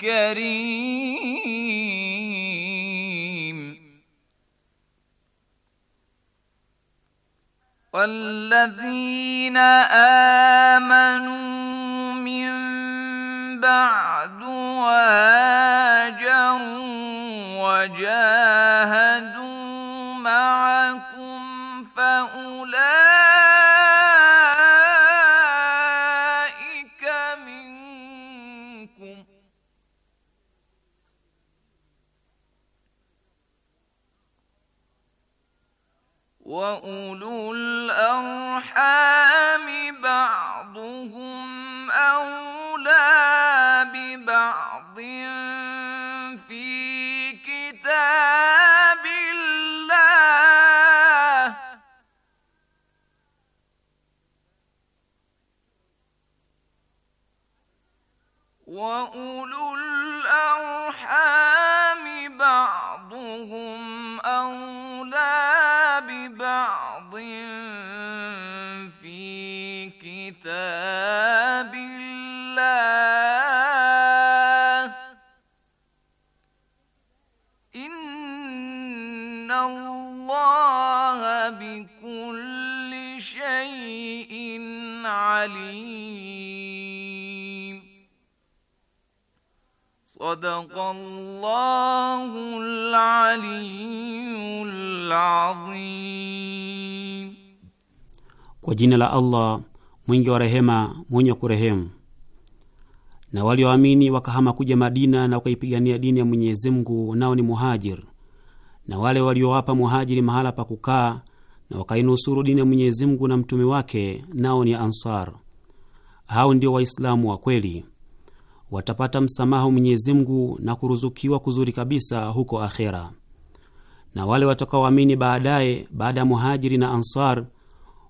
كريم والذين آمنوا من بعد وآمنوا صدق الله العلي Kwa jina la Allah mwingi wa rehema mwenye kurehemu. Na walioamini wa wakahama kuja Madina na wakaipigania dini ya Mwenyezi Mungu, nao ni muhajir na wale waliowapa muhajiri mahala pa kukaa na wakainusuru dini ya Mwenyezi Mungu na mtume wake, nao ni ansar. Hao ndio Waislamu wa kweli watapata msamaha Mwenyezi Mungu na kuruzukiwa kuzuri kabisa huko akhera. Na wale watakaoamini baadaye, baada ya Muhajiri na Ansar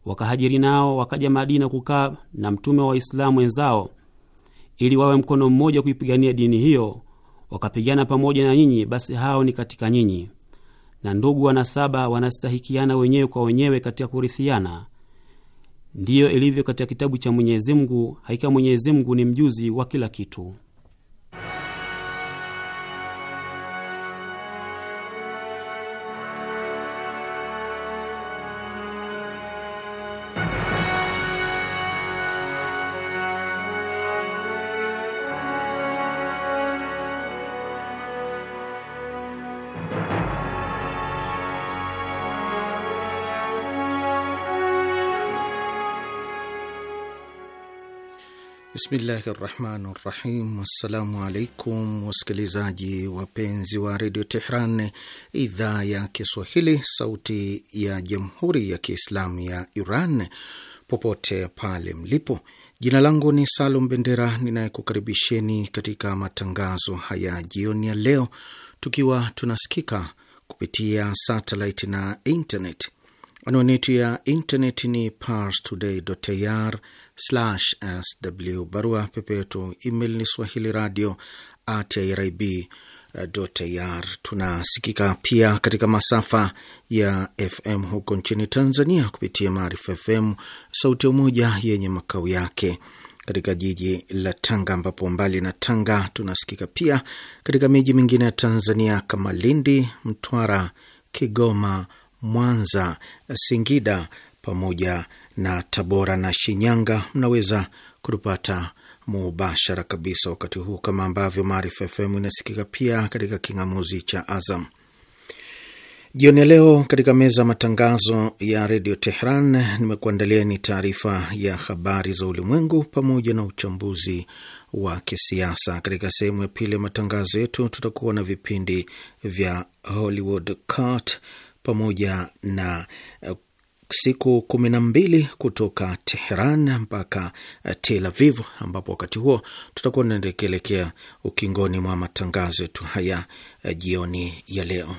wakahajiri nao wakaja Madina kukaa na mtume wa Waislamu wenzao ili wawe mkono mmoja kuipigania dini hiyo, wakapigana pamoja na nyinyi, basi hao ni katika nyinyi, na ndugu wanasaba wanastahikiana wenyewe kwa wenyewe katika kurithiana Ndiyo ilivyo katika kitabu cha Mwenyezi Mungu, hakika Mwenyezi Mungu ni mjuzi wa kila kitu. Bismillahi rahmani rahim. Assalamu alaikum wasikilizaji wapenzi wa redio Tehran, idhaa ya Kiswahili, sauti ya jamhuri ya Kiislamu ya Iran, popote pale mlipo. Jina langu ni Salum Bendera ninayekukaribisheni katika matangazo haya jioni ya leo, tukiwa tunasikika kupitia satellite na internet. Anwani yetu ya internet ni parstoday.ir sw. Barua pepe yetu email ni swahili radio at irib ir. Tunasikika pia katika masafa ya FM huko nchini Tanzania kupitia Maarifa FM sauti ya Umoja yenye makao yake katika jiji la Tanga, ambapo mbali na Tanga tunasikika pia katika miji mingine ya Tanzania kama Lindi, Mtwara, Kigoma, Mwanza, Singida pamoja na Tabora na Shinyanga, mnaweza kutupata mubashara kabisa wakati huu, kama ambavyo Maarifa FM inasikika pia katika king'amuzi cha Azam. Jioni ya leo katika meza ya matangazo ya redio Tehran ni taarifa ya habari za ulimwengu pamoja na uchambuzi wa kisiasa. Katika sehemu ya pili ya matangazo yetu tutakuwa na vipindi vya Hollywood Cart pamoja na siku kumi na mbili kutoka Teheran mpaka Tel Aviv, ambapo wakati huo tutakuwa tunaelekea ukingoni mwa matangazo yetu haya eh, jioni ya leo.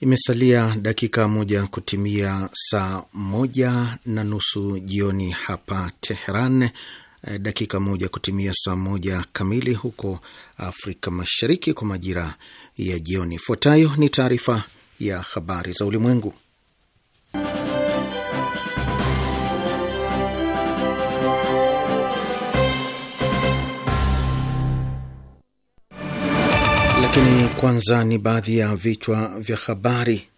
Imesalia dakika moja kutimia saa moja na nusu jioni hapa Teheran, eh, dakika moja kutimia saa moja kamili huko Afrika Mashariki kwa majira ya jioni. Ifuatayo ni taarifa ya habari za ulimwengu. Lakini kwanza ni baadhi ya vichwa vya habari.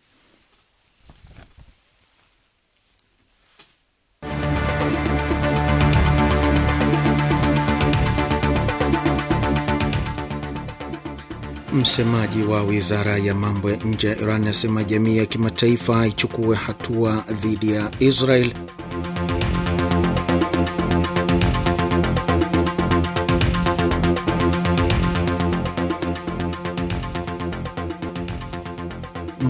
Msemaji wa wizara ya mambo ya nje ya Iran asema jamii ya kimataifa ichukue hatua dhidi ya Israel.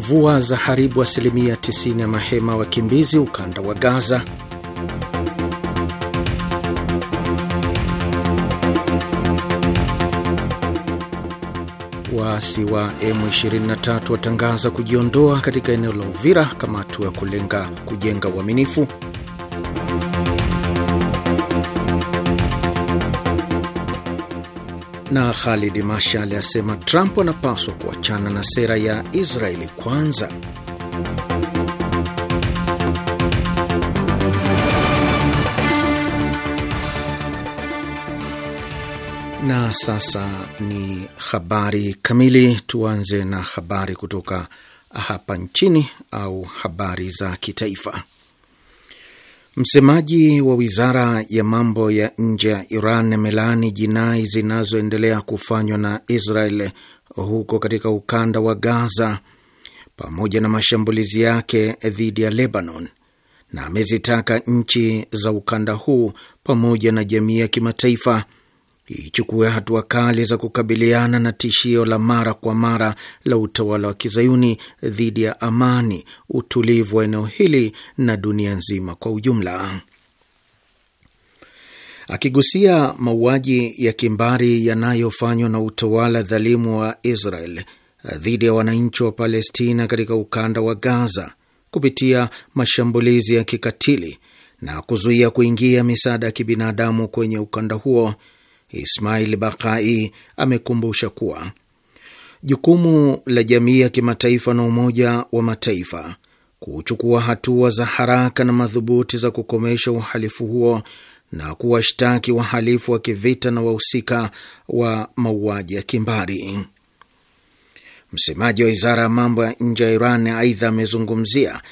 mvua za haribu asilimia 90 ya mahema wakimbizi ukanda wa Gaza. Waasi wa M23 watangaza kujiondoa katika eneo la Uvira kama hatua ya kulenga kujenga uaminifu na Khalid Mashal asema Trump anapaswa kuachana na sera ya Israeli kwanza. Na sasa ni habari kamili. Tuanze na habari kutoka hapa nchini au habari za kitaifa. Msemaji wa wizara ya mambo ya nje ya Iran amelaani jinai zinazoendelea kufanywa na Israel huko katika ukanda wa Gaza pamoja na mashambulizi yake dhidi ya Lebanon na amezitaka nchi za ukanda huu pamoja na jamii ya kimataifa ichukue hatua kali za kukabiliana na tishio la mara kwa mara la utawala wa kizayuni dhidi ya amani, utulivu wa eneo hili na dunia nzima kwa ujumla. Akigusia mauaji ya kimbari yanayofanywa na utawala dhalimu wa Israel dhidi ya wananchi wa Palestina katika ukanda wa Gaza kupitia mashambulizi ya kikatili na kuzuia kuingia misaada ya kibinadamu kwenye ukanda huo Ismail Bakai amekumbusha kuwa jukumu la jamii ya kimataifa na Umoja wa Mataifa kuchukua hatua za haraka na madhubuti za kukomesha uhalifu huo na kuwashtaki wahalifu wa kivita na wahusika wa mauaji ya kimbari. Msemaji wa wizara ya mambo ya nje ya Iran aidha amezungumzia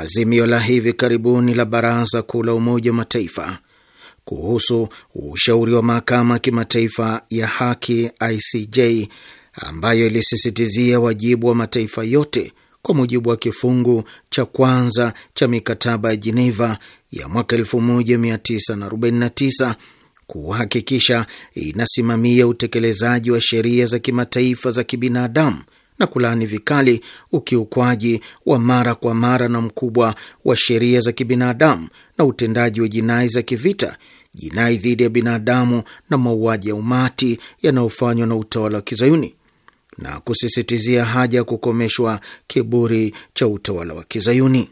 azimio la hivi karibuni la Baraza Kuu la Umoja wa Mataifa kuhusu ushauri wa mahakama kimataifa ya haki ICJ ambayo ilisisitizia wajibu wa mataifa yote kwa mujibu wa kifungu cha kwanza cha mikataba ya Jeneva ya mwaka 1949 kuhakikisha inasimamia utekelezaji wa sheria za kimataifa za kibinadamu na kulaani vikali ukiukwaji wa mara kwa mara na mkubwa wa sheria za kibinadamu na utendaji wa jinai za kivita jinai dhidi ya binadamu na mauaji ya umati yanayofanywa na utawala wa kizayuni na kusisitizia haja ya kukomeshwa kiburi cha utawala wa kizayuni.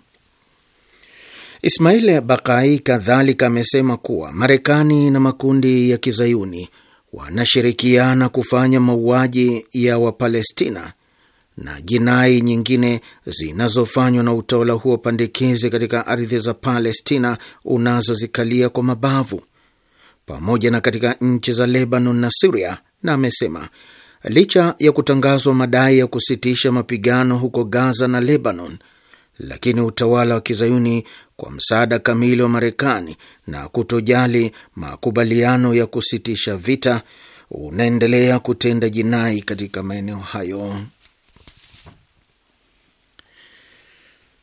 Ismail Bakai kadhalika amesema kuwa Marekani na makundi ya kizayuni wanashirikiana kufanya mauaji ya Wapalestina na jinai nyingine zinazofanywa na utawala huo pandikizi katika ardhi za Palestina unazozikalia kwa mabavu pamoja na katika nchi za Lebanon na Siria. Na amesema licha ya kutangazwa madai ya kusitisha mapigano huko Gaza na Lebanon, lakini utawala wa kizayuni kwa msaada kamili wa Marekani na kutojali makubaliano ya kusitisha vita unaendelea kutenda jinai katika maeneo hayo.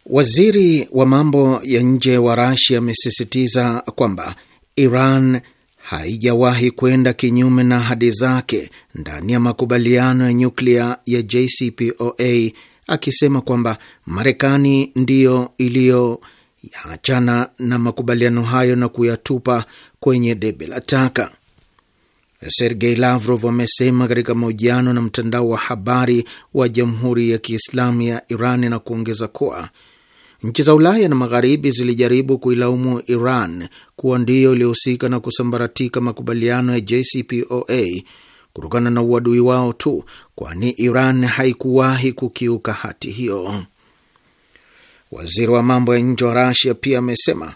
Waziri wa mambo ya nje wa Rasia amesisitiza kwamba Iran haijawahi kwenda kinyume na ahadi zake ndani ya makubaliano ya nyuklia ya JCPOA, akisema kwamba Marekani ndiyo iliyoachana na makubaliano hayo na kuyatupa kwenye debe la taka. Sergei Lavrov amesema katika mahojiano na mtandao wa habari wa Jamhuri ya Kiislamu ya Iran na kuongeza kuwa Nchi za Ulaya na Magharibi zilijaribu kuilaumu Iran kuwa ndiyo iliyohusika na kusambaratika makubaliano ya JCPOA kutokana na uadui wao tu, kwani Iran haikuwahi kukiuka hati hiyo. Waziri wa mambo ya nje wa Rasia pia amesema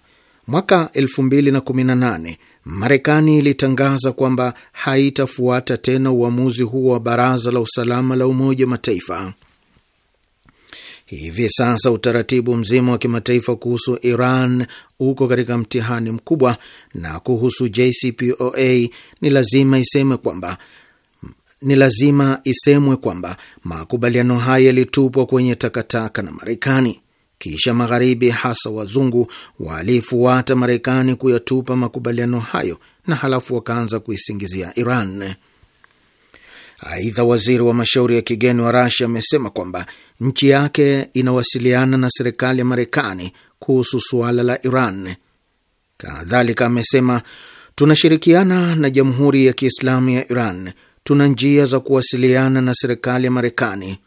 mwaka 2018 Marekani ilitangaza kwamba haitafuata tena uamuzi huo wa Baraza la Usalama la Umoja wa Mataifa. Hivi sasa utaratibu mzima wa kimataifa kuhusu Iran uko katika mtihani mkubwa, na kuhusu JCPOA ni lazima iseme kwamba ni lazima isemwe kwamba makubaliano haya yalitupwa kwenye takataka na Marekani. Kisha Magharibi, hasa wazungu, walifuata Marekani kuyatupa makubaliano hayo na halafu wakaanza kuisingizia Iran. Aidha, waziri wa mashauri ya kigeni wa Rasia amesema kwamba nchi yake inawasiliana na serikali ya Marekani kuhusu suala la Iran. Kadhalika amesema tunashirikiana na Jamhuri ya Kiislamu ya Iran, tuna njia za kuwasiliana na serikali ya Marekani.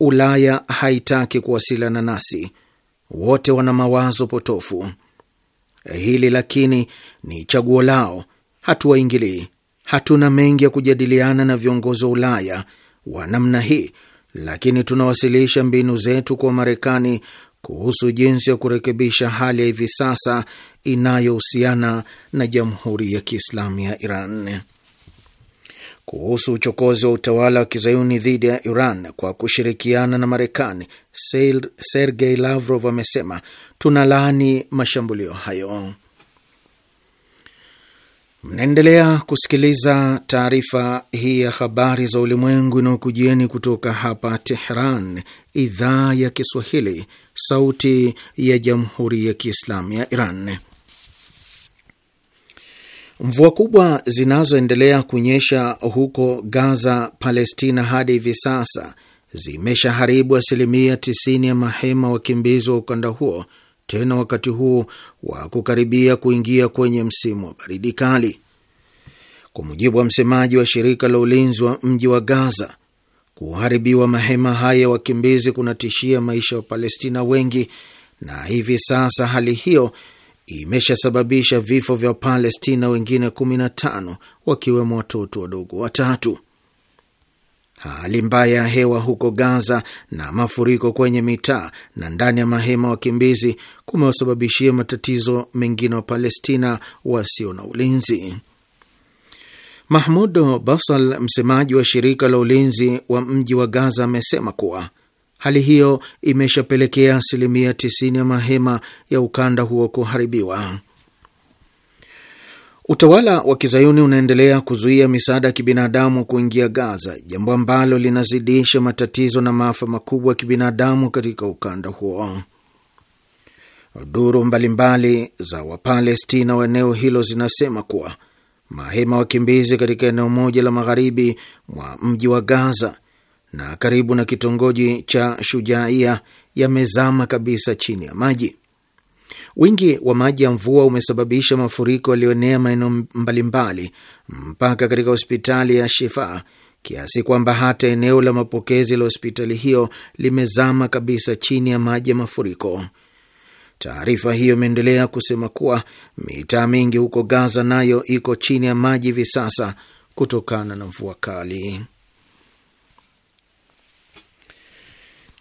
Ulaya haitaki kuwasiliana nasi, wote wana mawazo potofu. Hili lakini ni chaguo lao, hatuwaingilii. Hatuna mengi ya kujadiliana na viongozi wa Ulaya wa namna hii lakini tunawasilisha mbinu zetu kwa Marekani kuhusu jinsi ya kurekebisha hali ya hivi sasa inayohusiana na Jamhuri ya Kiislamu ya Iran. Kuhusu uchokozi wa utawala wa kizayuni dhidi ya Iran kwa kushirikiana na Marekani, Sergei Lavrov amesema tunalaani mashambulio hayo. Mnaendelea kusikiliza taarifa hii ya habari za ulimwengu inayokujieni kutoka hapa Tehran, idhaa ya Kiswahili, sauti ya jamhuri ya kiislamu ya Iran. Mvua kubwa zinazoendelea kunyesha huko Gaza, Palestina, hadi hivi sasa zimeshaharibu asilimia 90 ya mahema wakimbizi wa ukanda huo tena wakati huu wa kukaribia kuingia kwenye msimu wa baridi kali. Kwa mujibu wa msemaji wa shirika la ulinzi wa mji wa Gaza, kuharibiwa mahema haya ya wakimbizi kunatishia maisha ya Wapalestina wengi, na hivi sasa hali hiyo imeshasababisha vifo vya Wapalestina wengine 15 wakiwemo watoto wadogo watatu hali mbaya ya hewa huko Gaza na mafuriko kwenye mitaa na ndani ya mahema wakimbizi kumewasababishia matatizo mengine wa Palestina wasio na ulinzi. Mahmud Basal, msemaji wa shirika la ulinzi wa mji wa Gaza, amesema kuwa hali hiyo imeshapelekea asilimia 90 ya mahema ya ukanda huo kuharibiwa. Utawala wa kizayuni unaendelea kuzuia misaada ya kibinadamu kuingia Gaza, jambo ambalo linazidisha matatizo na maafa makubwa ya kibinadamu katika ukanda huo. Duru mbalimbali za Wapalestina wa eneo hilo zinasema kuwa mahema wakimbizi katika eneo moja la magharibi mwa mji wa Gaza na karibu na kitongoji cha Shujaia yamezama kabisa chini ya maji. Wingi wa maji ya mvua umesababisha mafuriko yaliyoenea maeneo mbalimbali mpaka katika hospitali ya Shifa kiasi kwamba hata eneo la mapokezi la hospitali hiyo limezama kabisa chini ya maji ya mafuriko. Taarifa hiyo imeendelea kusema kuwa mitaa mingi huko Gaza nayo iko chini ya maji hivi sasa kutokana na mvua kali.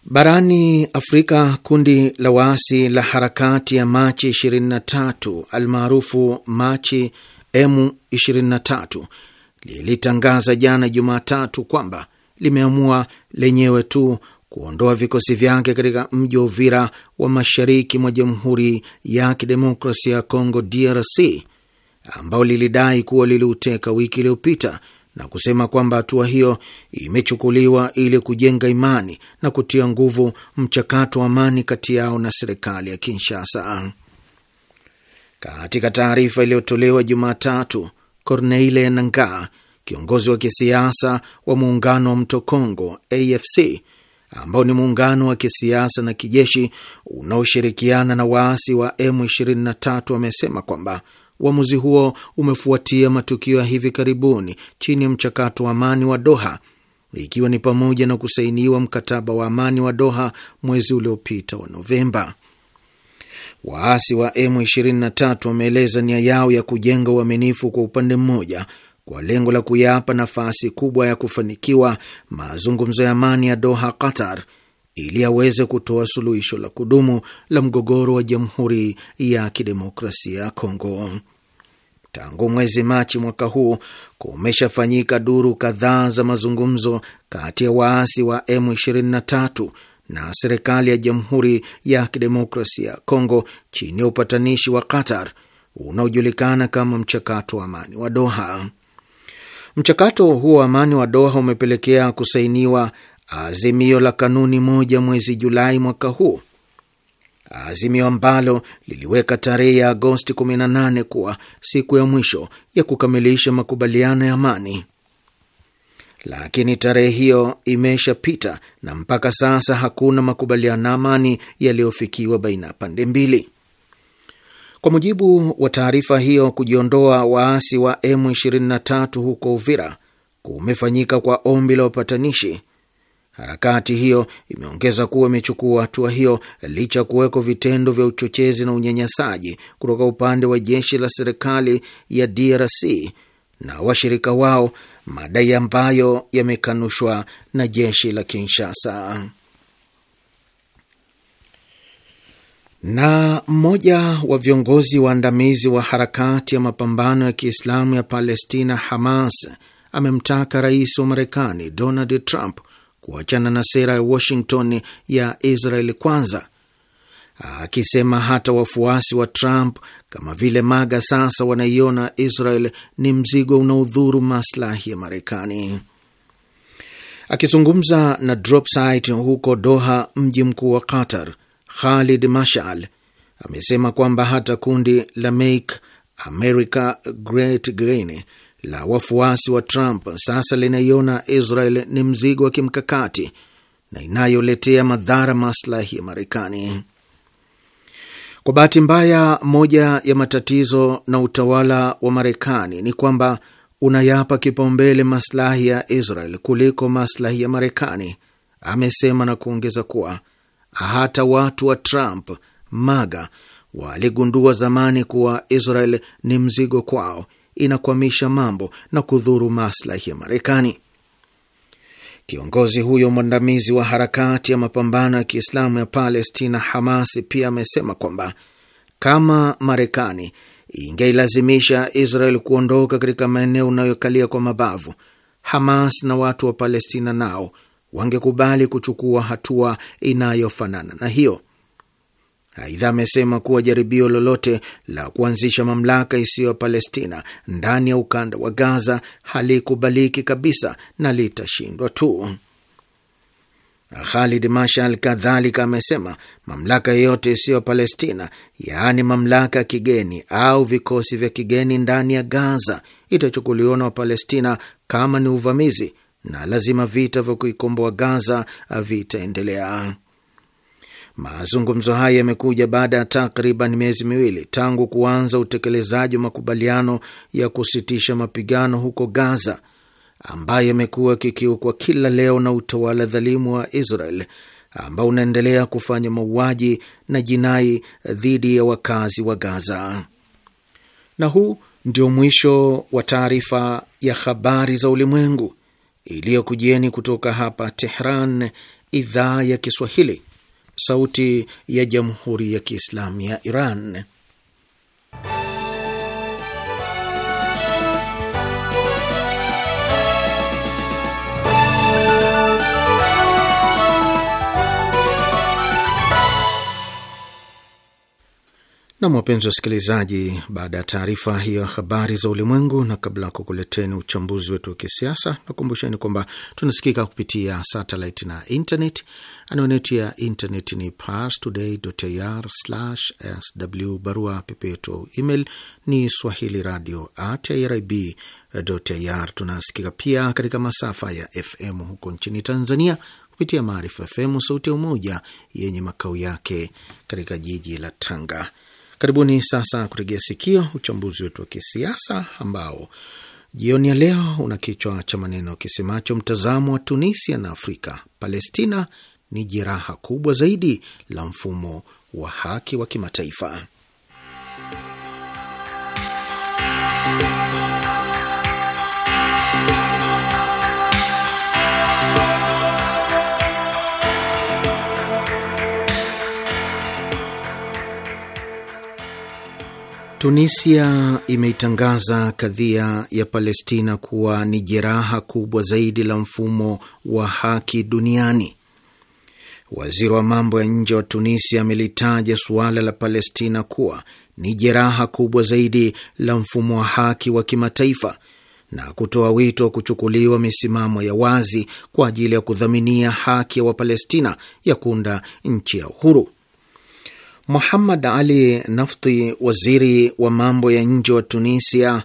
Barani Afrika, kundi la waasi la harakati ya Machi 23 almaarufu Machi M23 lilitangaza jana Jumatatu kwamba limeamua lenyewe tu kuondoa vikosi vyake katika mji wa Uvira wa mashariki mwa Jamhuri ya Kidemokrasia ya congo DRC, ambao lilidai kuwa liliuteka wiki iliyopita na kusema kwamba hatua hiyo imechukuliwa ili kujenga imani na kutia nguvu mchakato wa amani kati yao na serikali ya Kinshasa. Katika taarifa iliyotolewa Jumatatu, Corneille Nangaa, kiongozi wa kisiasa wa muungano wa Mto congo AFC ambao ni muungano wa kisiasa na kijeshi unaoshirikiana na waasi wa M23 wamesema kwamba Uamuzi huo umefuatia matukio ya hivi karibuni chini ya mchakato wa amani wa Doha, ikiwa ni pamoja na kusainiwa mkataba wa amani wa Doha mwezi uliopita wa Novemba. Waasi wa M23 wameeleza nia yao ya kujenga uaminifu kwa upande mmoja kwa lengo la kuyapa nafasi kubwa ya kufanikiwa mazungumzo ya amani ya Doha, Qatar, ili aweze kutoa suluhisho la kudumu la mgogoro wa Jamhuri ya Kidemokrasia ya Kongo. Tangu mwezi Machi mwaka huu kumeshafanyika duru kadhaa za mazungumzo kati ya waasi wa M23 na serikali ya Jamhuri ya Kidemokrasia ya Kongo chini ya upatanishi wa Qatar unaojulikana kama mchakato wa amani wa Doha. Mchakato huo wa amani wa Doha umepelekea kusainiwa azimio la kanuni moja mwezi Julai mwaka huu azimio ambalo liliweka tarehe ya Agosti 18 kuwa siku ya mwisho ya kukamilisha makubaliano ya amani. Lakini tarehe hiyo imeshapita na mpaka sasa hakuna makubaliano ya amani yaliyofikiwa baina ya pande mbili. Kwa mujibu wa taarifa hiyo, kujiondoa waasi wa M23 huko Uvira kumefanyika kwa ombi la upatanishi Harakati hiyo imeongeza kuwa imechukua hatua hiyo licha ya kuwekwa vitendo vya uchochezi na unyanyasaji kutoka upande wa jeshi la serikali ya DRC na washirika wao, madai ambayo yamekanushwa na jeshi la Kinshasa. Na mmoja wa viongozi waandamizi wa harakati ya mapambano ya Kiislamu ya Palestina, Hamas, amemtaka rais wa Marekani Donald Trump kuachana na sera ya Washington ya Israel kwanza, akisema hata wafuasi wa Trump kama vile MAGA sasa wanaiona Israel ni mzigo unaodhuru maslahi ya Marekani. Akizungumza na Dropsite huko Doha, mji mkuu wa Qatar, Khalid Mashal amesema kwamba hata kundi la Make America Great Again la wafuasi wa Trump sasa linaiona Israel ni mzigo wa kimkakati na inayoletea madhara maslahi ya Marekani. Kwa bahati mbaya, moja ya matatizo na utawala wa Marekani ni kwamba unayapa kipaumbele maslahi ya Israel kuliko maslahi ya Marekani, amesema na kuongeza kuwa hata watu wa Trump maga waligundua zamani kuwa Israel ni mzigo kwao, inakwamisha mambo na kudhuru maslahi ya Marekani. Kiongozi huyo mwandamizi wa harakati ya mapambano ya Kiislamu ya Palestina, Hamas, pia amesema kwamba kama Marekani ingeilazimisha Israel kuondoka katika maeneo unayokalia kwa mabavu, Hamas na watu wa Palestina nao wangekubali kuchukua hatua inayofanana na hiyo. Aidha, amesema kuwa jaribio lolote la kuanzisha mamlaka isiyo ya Palestina ndani ya ukanda wa Gaza halikubaliki kabisa na litashindwa tu. Khalid Mashal kadhalika amesema mamlaka yoyote isiyo Palestina, yaani mamlaka ya kigeni au vikosi vya kigeni ndani ya Gaza itachukuliwa na Wapalestina kama ni uvamizi na lazima vita vya kuikomboa Gaza vitaendelea. Mazungumzo haya yamekuja baada ya takriban miezi miwili tangu kuanza utekelezaji wa makubaliano ya kusitisha mapigano huko Gaza ambayo yamekuwa kikiukwa kila leo na utawala dhalimu wa Israel ambao unaendelea kufanya mauaji na jinai dhidi ya wakazi wa Gaza. Na huu ndio mwisho wa taarifa ya habari za ulimwengu iliyokujieni kutoka hapa Tehran, idhaa ya Kiswahili, Sauti ya Jamhuri ya Kiislamu ya Iran. Nam, wapenzi wasikilizaji, baada ya taarifa hiyo habari za ulimwengu, na kabla ya kukuleteni uchambuzi wetu wa kisiasa, nakumbusheni kwamba tunasikika kupitia satellite na internet. Anwani yetu ya internet ni parstoday.ir/sw, barua pepe yetu email ni swahili radio at irib.ir. Tunasikika pia katika masafa ya FM huko nchini Tanzania kupitia Maarifa FM, sauti ya Umoja, yenye makao yake katika jiji la Tanga. Karibuni sasa kutegea sikio uchambuzi wetu wa kisiasa ambao jioni ya leo una kichwa cha maneno kisemacho mtazamo wa Tunisia na Afrika, Palestina ni jeraha kubwa zaidi la mfumo wa haki wa kimataifa. Tunisia imeitangaza kadhia ya Palestina kuwa ni jeraha kubwa zaidi la mfumo wa haki duniani. Waziri wa mambo ya nje wa Tunisia amelitaja suala la Palestina kuwa ni jeraha kubwa zaidi la mfumo wa haki wa kimataifa na kutoa wito wa kuchukuliwa misimamo ya wazi kwa ajili ya kudhaminia haki ya Wapalestina ya kuunda nchi ya uhuru. Muhammad Ali Nafti, waziri wa mambo ya nje wa Tunisia,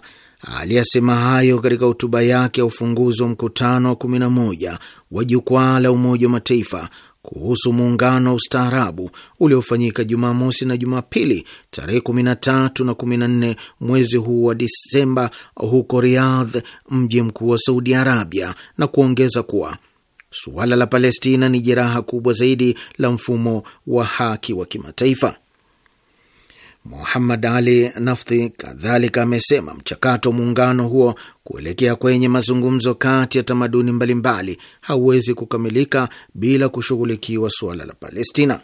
aliyasema hayo katika hotuba yake ya ufunguzi wa mkutano wa 11 wa jukwaa la Umoja wa Mataifa kuhusu muungano wa ustaarabu uliofanyika Jumamosi na Jumapili tarehe 13 na 14 mwezi huu wa Disemba huko Riyadh, mji mkuu wa Saudi Arabia, na kuongeza kuwa suala la Palestina ni jeraha kubwa zaidi la mfumo wa haki wa kimataifa. Muhammad Ali Nafthi kadhalika amesema mchakato wa muungano huo kuelekea kwenye mazungumzo kati ya tamaduni mbalimbali hauwezi kukamilika bila kushughulikiwa suala la Palestina.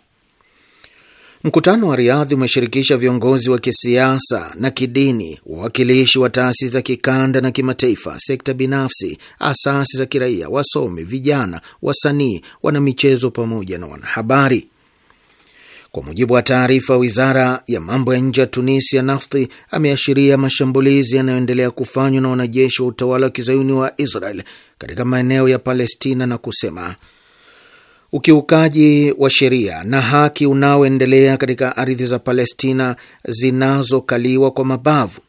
Mkutano wa Riadhi umeshirikisha viongozi wa kisiasa na kidini, wawakilishi wa taasisi za kikanda na kimataifa, sekta binafsi, asasi za kiraia, wasomi, vijana, wasanii, wanamichezo pamoja na wanahabari. Kwa mujibu wa taarifa, wizara ya mambo ya nje ya Tunisia, Nafthi ameashiria mashambulizi yanayoendelea kufanywa na wanajeshi wa utawala wa kizayuni wa Israel katika maeneo ya Palestina na kusema ukiukaji wa sheria na haki unaoendelea katika ardhi za Palestina zinazokaliwa kwa mabavu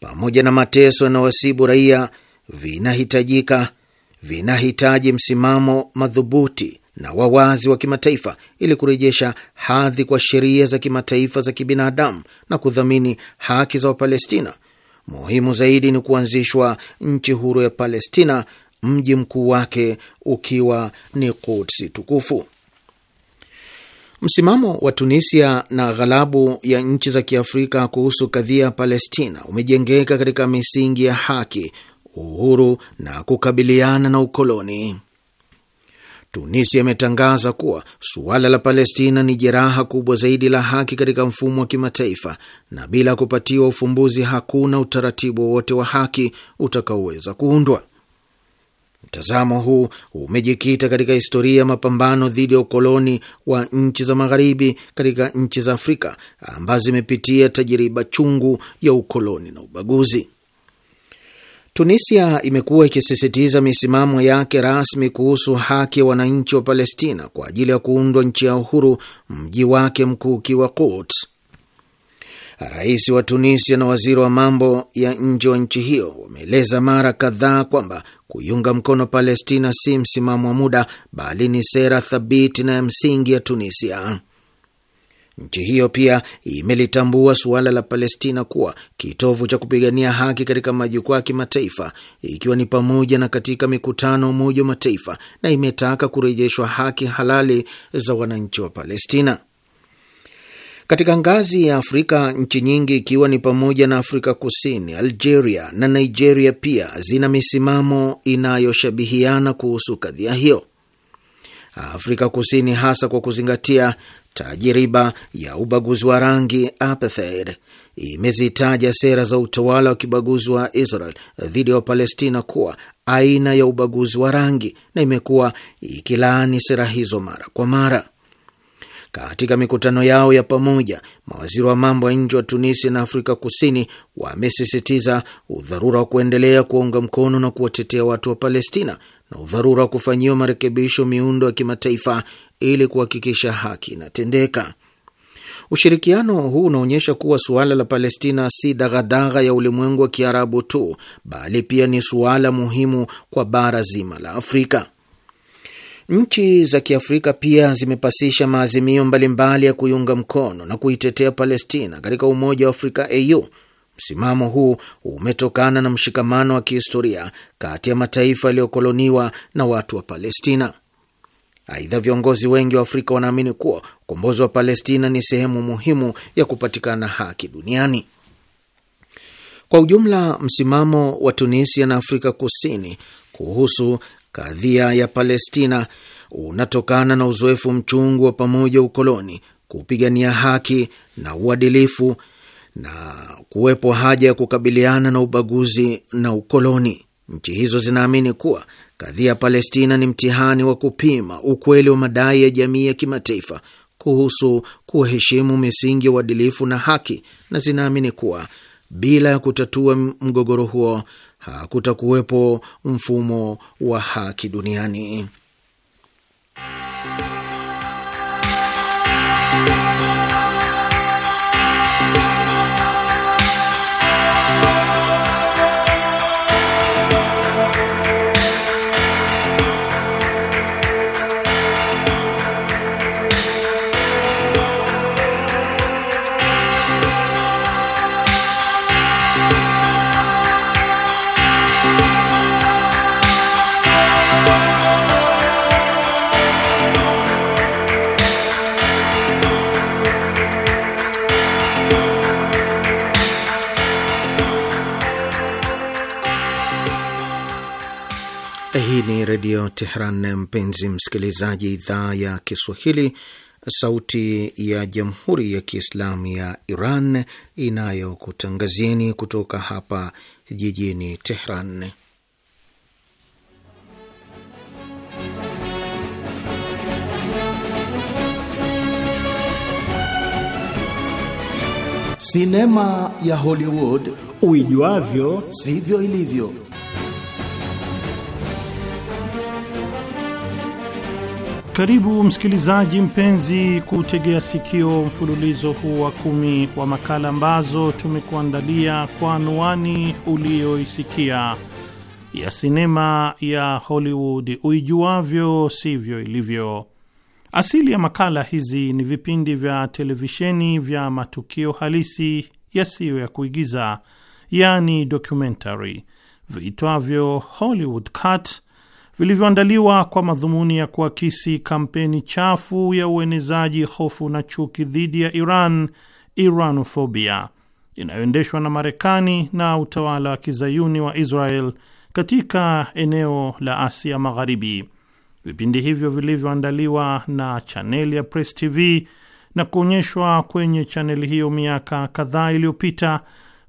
pamoja na mateso yanayowasibu raia vinahitajika vinahitaji msimamo madhubuti na wawazi wa kimataifa ili kurejesha hadhi kwa sheria za kimataifa za kibinadamu na kudhamini haki za Wapalestina. Muhimu zaidi ni kuanzishwa nchi huru ya Palestina mji mkuu wake ukiwa ni kutsi tukufu. Msimamo wa Tunisia na ghalabu ya nchi za Kiafrika kuhusu kadhia ya Palestina umejengeka katika misingi ya haki, uhuru na kukabiliana na ukoloni. Tunisia imetangaza kuwa suala la Palestina ni jeraha kubwa zaidi la haki katika mfumo wa kimataifa, na bila kupatiwa ufumbuzi hakuna utaratibu wowote wa haki utakaoweza kuundwa. Mtazamo huu umejikita katika historia ya mapambano dhidi ya ukoloni wa nchi za magharibi katika nchi za Afrika ambazo zimepitia tajiriba chungu ya ukoloni na ubaguzi. Tunisia imekuwa ikisisitiza misimamo yake rasmi kuhusu haki ya wananchi wa Palestina kwa ajili ya kuundwa nchi ya uhuru, mji wake mkuu ukiwa Quds. Rais wa Tunisia na waziri wa mambo ya nje wa nchi hiyo wameeleza mara kadhaa kwamba Kuiunga mkono Palestina si msimamo wa muda, bali ni sera thabiti na ya msingi ya Tunisia. Nchi hiyo pia imelitambua suala la Palestina kuwa kitovu cha kupigania haki katika majukwaa ya kimataifa, ikiwa ni pamoja na katika mikutano ya Umoja wa Mataifa, na imetaka kurejeshwa haki halali za wananchi wa Palestina. Katika ngazi ya Afrika, nchi nyingi ikiwa ni pamoja na Afrika Kusini, Algeria na Nigeria pia zina misimamo inayoshabihiana kuhusu kadhia hiyo. Afrika Kusini, hasa kwa kuzingatia tajiriba ya ubaguzi wa rangi apartheid, imezitaja sera za utawala wa kibaguzi wa Israel dhidi ya Wapalestina kuwa aina ya ubaguzi wa rangi na imekuwa ikilaani sera hizo mara kwa mara. Katika mikutano yao ya pamoja, mawaziri wa mambo ya nje wa Tunisia na Afrika Kusini wamesisitiza udharura wa kuendelea kuwaunga mkono na kuwatetea watu wa Palestina na udharura wa kufanyiwa marekebisho miundo ya kimataifa ili kuhakikisha haki inatendeka. Ushirikiano huu unaonyesha kuwa suala la Palestina si dagadaga ya ulimwengu wa Kiarabu tu, bali pia ni suala muhimu kwa bara zima la Afrika. Nchi za Kiafrika pia zimepasisha maazimio mbalimbali ya kuiunga mkono na kuitetea Palestina katika Umoja wa Afrika AU. Msimamo huu umetokana na mshikamano wa kihistoria kati ya mataifa yaliyokoloniwa na watu wa Palestina. Aidha, viongozi wengi wa Afrika wanaamini kuwa ukombozi wa Palestina ni sehemu muhimu ya kupatikana haki duniani kwa ujumla. Msimamo wa Tunisia na Afrika Kusini kuhusu kadhia ya Palestina unatokana na uzoefu mchungu wa pamoja ukoloni, kupigania haki na uadilifu na kuwepo haja ya kukabiliana na ubaguzi na ukoloni. Nchi hizo zinaamini kuwa kadhia ya Palestina ni mtihani wa kupima ukweli wa madai ya jamii ya kimataifa kuhusu kuheshimu misingi ya uadilifu na haki, na zinaamini kuwa bila ya kutatua mgogoro huo hakutakuwepo mfumo wa haki duniani. Redio Tehran, mpenzi msikilizaji, idhaa ya Kiswahili, sauti ya Jamhuri ya Kiislamu ya Iran inayokutangazieni kutoka hapa jijini Tehran. Sinema ya Hollywood uijuavyo sivyo ilivyo. Karibu msikilizaji mpenzi kutegea sikio mfululizo huu wa kumi wa makala ambazo tumekuandalia kwa anwani uliyoisikia ya sinema ya Hollywood uijuavyo sivyo ilivyo. Asili ya makala hizi ni vipindi vya televisheni vya matukio halisi yasiyo ya kuigiza, yani documentary, viitwavyo Hollywood Cut vilivyoandaliwa kwa madhumuni ya kuakisi kampeni chafu ya uenezaji hofu na chuki dhidi ya Iran, Iranofobia, inayoendeshwa na Marekani na utawala wa kizayuni wa Israel katika eneo la Asia Magharibi. Vipindi hivyo vilivyoandaliwa na chaneli ya Press TV na kuonyeshwa kwenye chaneli hiyo miaka kadhaa iliyopita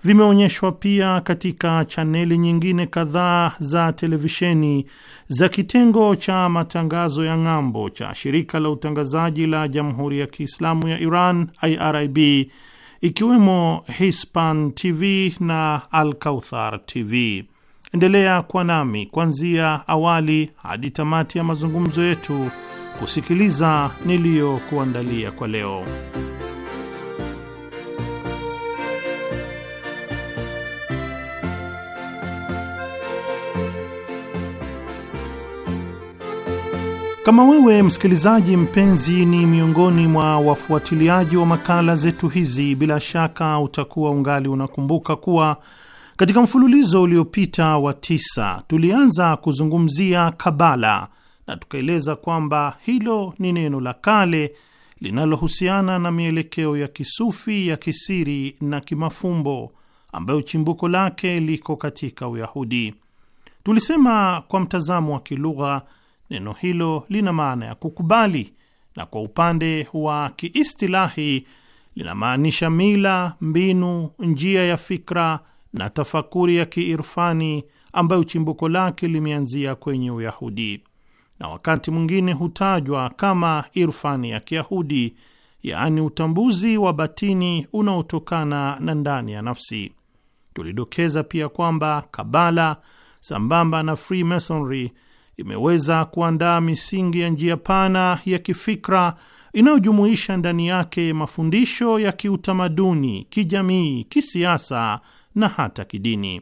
vimeonyeshwa pia katika chaneli nyingine kadhaa za televisheni za kitengo cha matangazo ya ng'ambo cha shirika la utangazaji la Jamhuri ya Kiislamu ya Iran IRIB ikiwemo Hispan TV na alkauthar TV. Endelea kwa nami kuanzia awali hadi tamati ya mazungumzo yetu kusikiliza niliyokuandalia kwa leo. Kama wewe msikilizaji mpenzi ni miongoni mwa wafuatiliaji wa makala zetu hizi, bila shaka utakuwa ungali unakumbuka kuwa katika mfululizo uliopita wa tisa tulianza kuzungumzia kabala na tukaeleza kwamba hilo ni neno la kale linalohusiana na mielekeo ya kisufi ya kisiri na kimafumbo ambayo chimbuko lake liko katika Uyahudi. Tulisema kwa mtazamo wa kilugha neno hilo lina maana ya kukubali, na kwa upande wa kiistilahi linamaanisha mila, mbinu, njia ya fikra na tafakuri ya kiirfani ambayo chimbuko lake limeanzia kwenye Uyahudi na wakati mwingine hutajwa kama irfani ya Kiyahudi, yaani utambuzi wa batini unaotokana na ndani ya nafsi. Tulidokeza pia kwamba Kabala sambamba na Freemasonry imeweza kuandaa misingi ya njia pana ya kifikra inayojumuisha ndani yake mafundisho ya kiutamaduni, kijamii, kisiasa na hata kidini,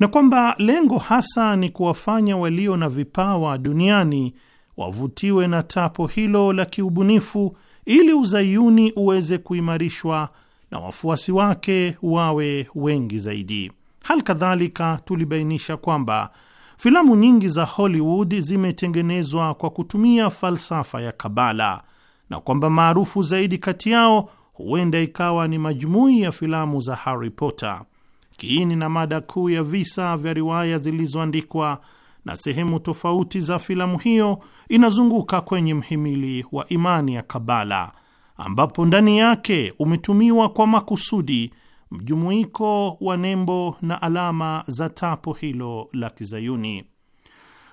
na kwamba lengo hasa ni kuwafanya walio na vipawa duniani wavutiwe na tapo hilo la kiubunifu ili uzayuni uweze kuimarishwa na wafuasi wake wawe wengi zaidi. Hali kadhalika tulibainisha kwamba Filamu nyingi za Hollywood zimetengenezwa kwa kutumia falsafa ya Kabala na kwamba maarufu zaidi kati yao huenda ikawa ni majumui ya filamu za Harry Potter. Kiini na mada kuu ya visa vya riwaya zilizoandikwa na sehemu tofauti za filamu hiyo inazunguka kwenye mhimili wa imani ya Kabala, ambapo ndani yake umetumiwa kwa makusudi mjumuiko wa nembo na alama za tapo hilo la Kizayuni.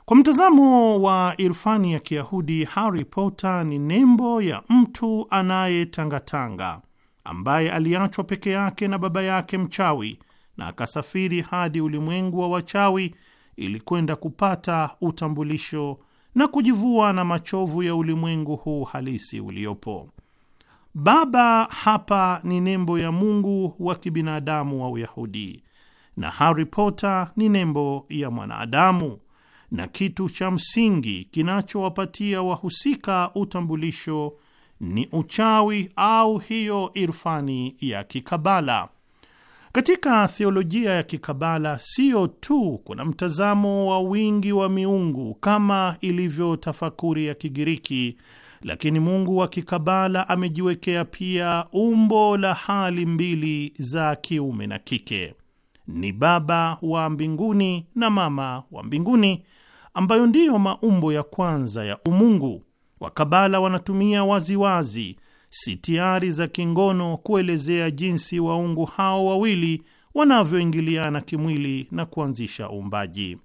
Kwa mtazamo wa irfani ya Kiyahudi, Harry Potter ni nembo ya mtu anayetangatanga ambaye aliachwa peke yake na baba yake mchawi na akasafiri hadi ulimwengu wa wachawi ili kwenda kupata utambulisho na kujivua na machovu ya ulimwengu huu halisi uliopo. Baba hapa ni nembo ya Mungu wa kibinadamu wa Uyahudi, na Harry Potter ni nembo ya mwanadamu, na kitu cha msingi kinachowapatia wahusika utambulisho ni uchawi au hiyo irfani ya Kikabala. Katika theolojia ya Kikabala siyo tu kuna mtazamo wa wingi wa miungu kama ilivyo tafakuri ya Kigiriki, lakini Mungu wa kikabala amejiwekea pia umbo la hali mbili za kiume na kike, ni baba wa mbinguni na mama wa mbinguni, ambayo ndiyo maumbo ya kwanza ya umungu. Wakabala wanatumia waziwazi wazi sitiari za kingono kuelezea jinsi waungu hao wawili wanavyoingiliana kimwili na kuanzisha uumbaji.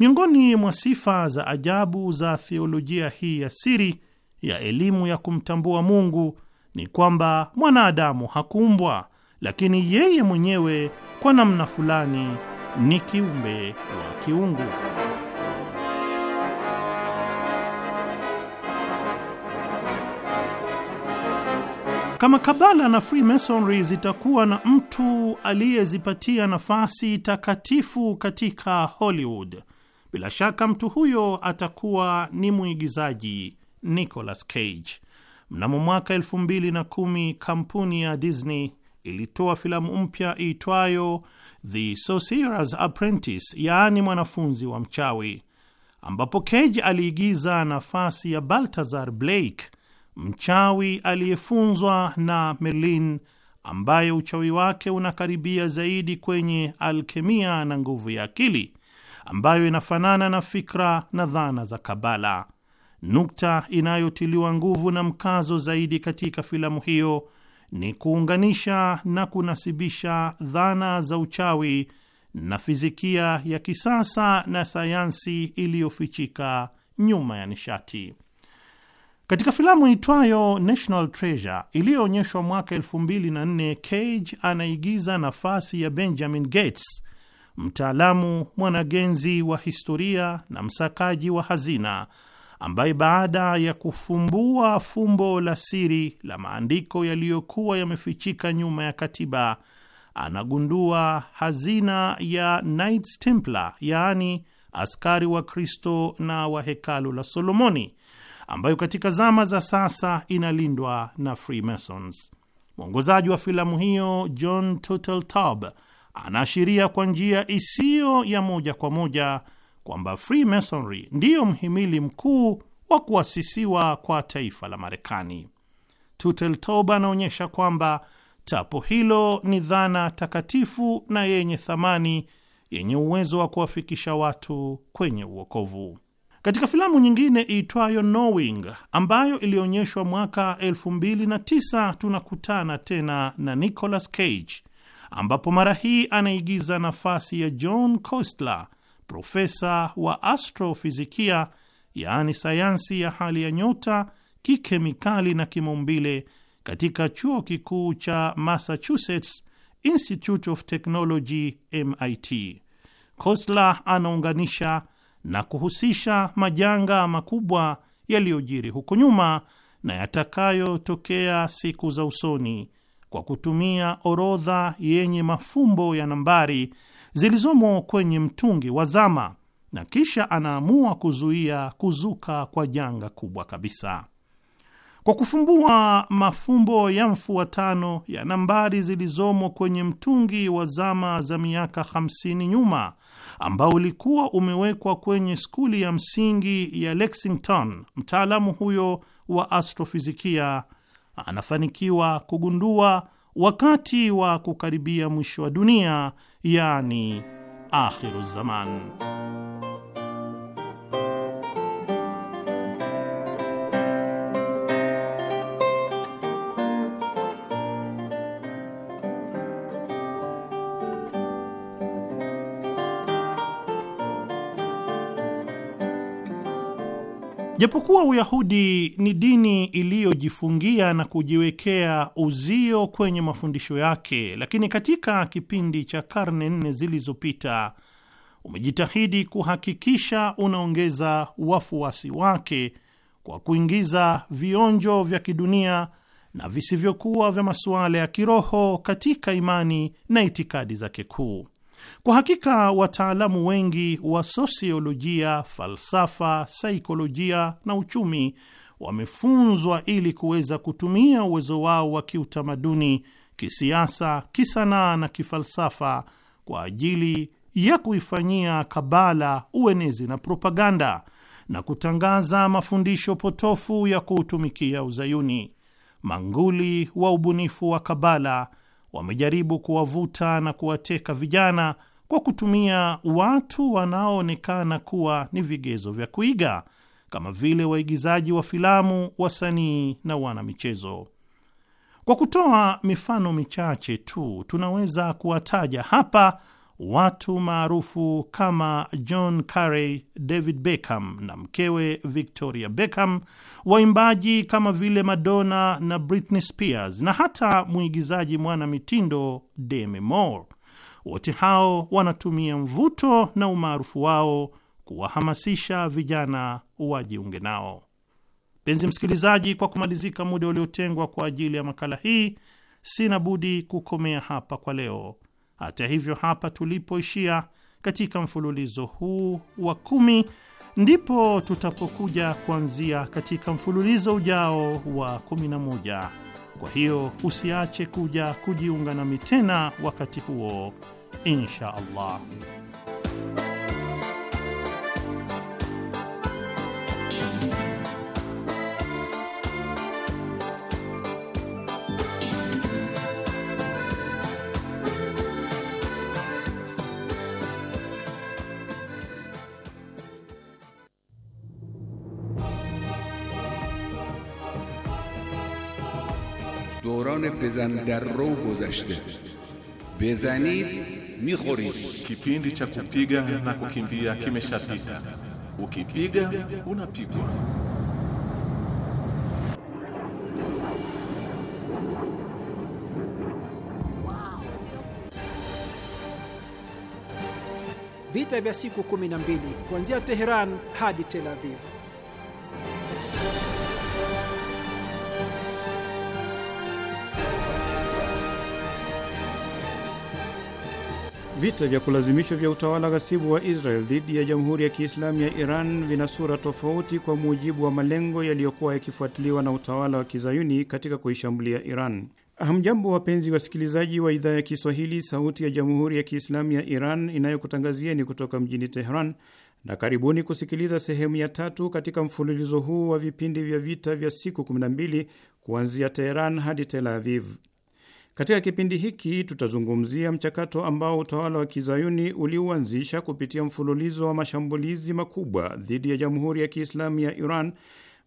Miongoni mwa sifa za ajabu za theolojia hii ya siri ya elimu ya kumtambua Mungu ni kwamba mwanadamu hakuumbwa, lakini yeye mwenyewe kwa namna fulani ni kiumbe wa kiungu. Kama Kabala na Freemasonry zitakuwa na mtu aliyezipatia nafasi takatifu katika Hollywood, bila shaka mtu huyo atakuwa ni mwigizaji Nicolas Cage. Mnamo mwaka 2010 kampuni ya Disney ilitoa filamu mpya iitwayo The Sorcerer's Apprentice, yaani mwanafunzi wa mchawi, ambapo Cage aliigiza nafasi ya Baltazar Blake, mchawi aliyefunzwa na Merlin ambaye uchawi wake unakaribia zaidi kwenye alkemia na nguvu ya akili ambayo inafanana na fikra na dhana za Kabala. Nukta inayotiliwa nguvu na mkazo zaidi katika filamu hiyo ni kuunganisha na kunasibisha dhana za uchawi na fizikia ya kisasa na sayansi iliyofichika nyuma ya nishati. Katika filamu itwayo National Treasure iliyoonyeshwa mwaka 2004, Cage anaigiza nafasi ya Benjamin Gates, mtaalamu mwanagenzi wa historia na msakaji wa hazina ambaye baada ya kufumbua fumbo la siri la maandiko yaliyokuwa yamefichika nyuma ya katiba anagundua hazina ya Knights Templar, yaani askari wa Kristo na wa hekalu la Solomoni, ambayo katika zama za sasa inalindwa na Freemasons. Mwongozaji wa filamu hiyo John Turteltaub anaashiria kwa njia isiyo ya moja kwa moja kwamba Freemasonry ndiyo mhimili mkuu wa kuasisiwa kwa taifa la Marekani. Turteltaub anaonyesha kwamba tapo hilo ni dhana takatifu na yenye thamani yenye uwezo wa kuwafikisha watu kwenye uokovu. Katika filamu nyingine iitwayo Knowing ambayo ilionyeshwa mwaka 2009 tunakutana tena na Nicolas Cage, ambapo mara hii anaigiza nafasi ya John Costler profesa wa astrofizikia, yaani sayansi ya hali ya nyota, kikemikali na kimaumbile katika chuo kikuu cha Massachusetts Institute of Technology, MIT. Kosla anaunganisha na kuhusisha majanga makubwa yaliyojiri huko nyuma na yatakayotokea siku za usoni kwa kutumia orodha yenye mafumbo ya nambari zilizomo kwenye mtungi wa zama, na kisha anaamua kuzuia kuzuka kwa janga kubwa kabisa kwa kufumbua mafumbo ya mfuatano ya nambari zilizomo kwenye mtungi wa zama za miaka 50 nyuma ambao ulikuwa umewekwa kwenye skuli ya msingi ya Lexington. Mtaalamu huyo wa astrofizikia anafanikiwa kugundua wakati wa kukaribia mwisho wa dunia yani akhiru zaman. Japokuwa Uyahudi ni dini iliyojifungia na kujiwekea uzio kwenye mafundisho yake, lakini katika kipindi cha karne nne zilizopita umejitahidi kuhakikisha unaongeza wafuasi wake kwa kuingiza vionjo vya kidunia na visivyokuwa vya masuala ya kiroho katika imani na itikadi zake kuu. Kwa hakika wataalamu wengi wa sosiolojia, falsafa, saikolojia na uchumi wamefunzwa ili kuweza kutumia uwezo wao wa kiutamaduni, kisiasa, kisanaa na kifalsafa kwa ajili ya kuifanyia kabala uenezi na propaganda na kutangaza mafundisho potofu ya kuutumikia Uzayuni. Manguli wa ubunifu wa kabala wamejaribu kuwavuta na kuwateka vijana kwa kutumia watu wanaoonekana kuwa ni vigezo vya kuiga kama vile waigizaji wa filamu, wasanii na wanamichezo. Kwa kutoa mifano michache tu, tunaweza kuwataja hapa watu maarufu kama John Carey, David Beckham na mkewe Victoria Beckham, waimbaji kama vile Madonna na Britney Spears na hata mwigizaji mwana mitindo Demi Moore. Wote hao wanatumia mvuto na umaarufu wao kuwahamasisha vijana wajiunge nao. Mpenzi msikilizaji, kwa kumalizika muda uliotengwa kwa ajili ya makala hii, sina budi kukomea hapa kwa leo. Hata hivyo, hapa tulipoishia katika mfululizo huu wa kumi ndipo tutapokuja kuanzia katika mfululizo ujao wa kumi na moja. Kwa hiyo usiache kuja kujiunga nami tena wakati huo, insha Allah. دوران بزن در رو گذشته بزنید میخورید چا kipindi نا کوکیمبیا na kukimbia kimeshapita اونا unapigwa vita vya siku 12 kuanzia Teheran hadi Tel Aviv Vita vya kulazimishwa vya utawala ghasibu wa Israel dhidi ya Jamhuri ya Kiislamu ya Iran vina sura tofauti kwa mujibu wa malengo yaliyokuwa yakifuatiliwa na utawala wa Kizayuni katika kuishambulia Iran. Hamjambo, wapenzi wasikilizaji wa idhaa ya Kiswahili, Sauti ya Jamhuri ya Kiislamu ya Iran inayokutangazieni kutoka mjini Teheran, na karibuni kusikiliza sehemu ya tatu katika mfululizo huu wa vipindi vya vita vya siku 12 kuanzia Teheran hadi Tel Aviv. Katika kipindi hiki tutazungumzia mchakato ambao utawala wa kizayuni uliuanzisha kupitia mfululizo wa mashambulizi makubwa dhidi ya Jamhuri ya Kiislamu ya Iran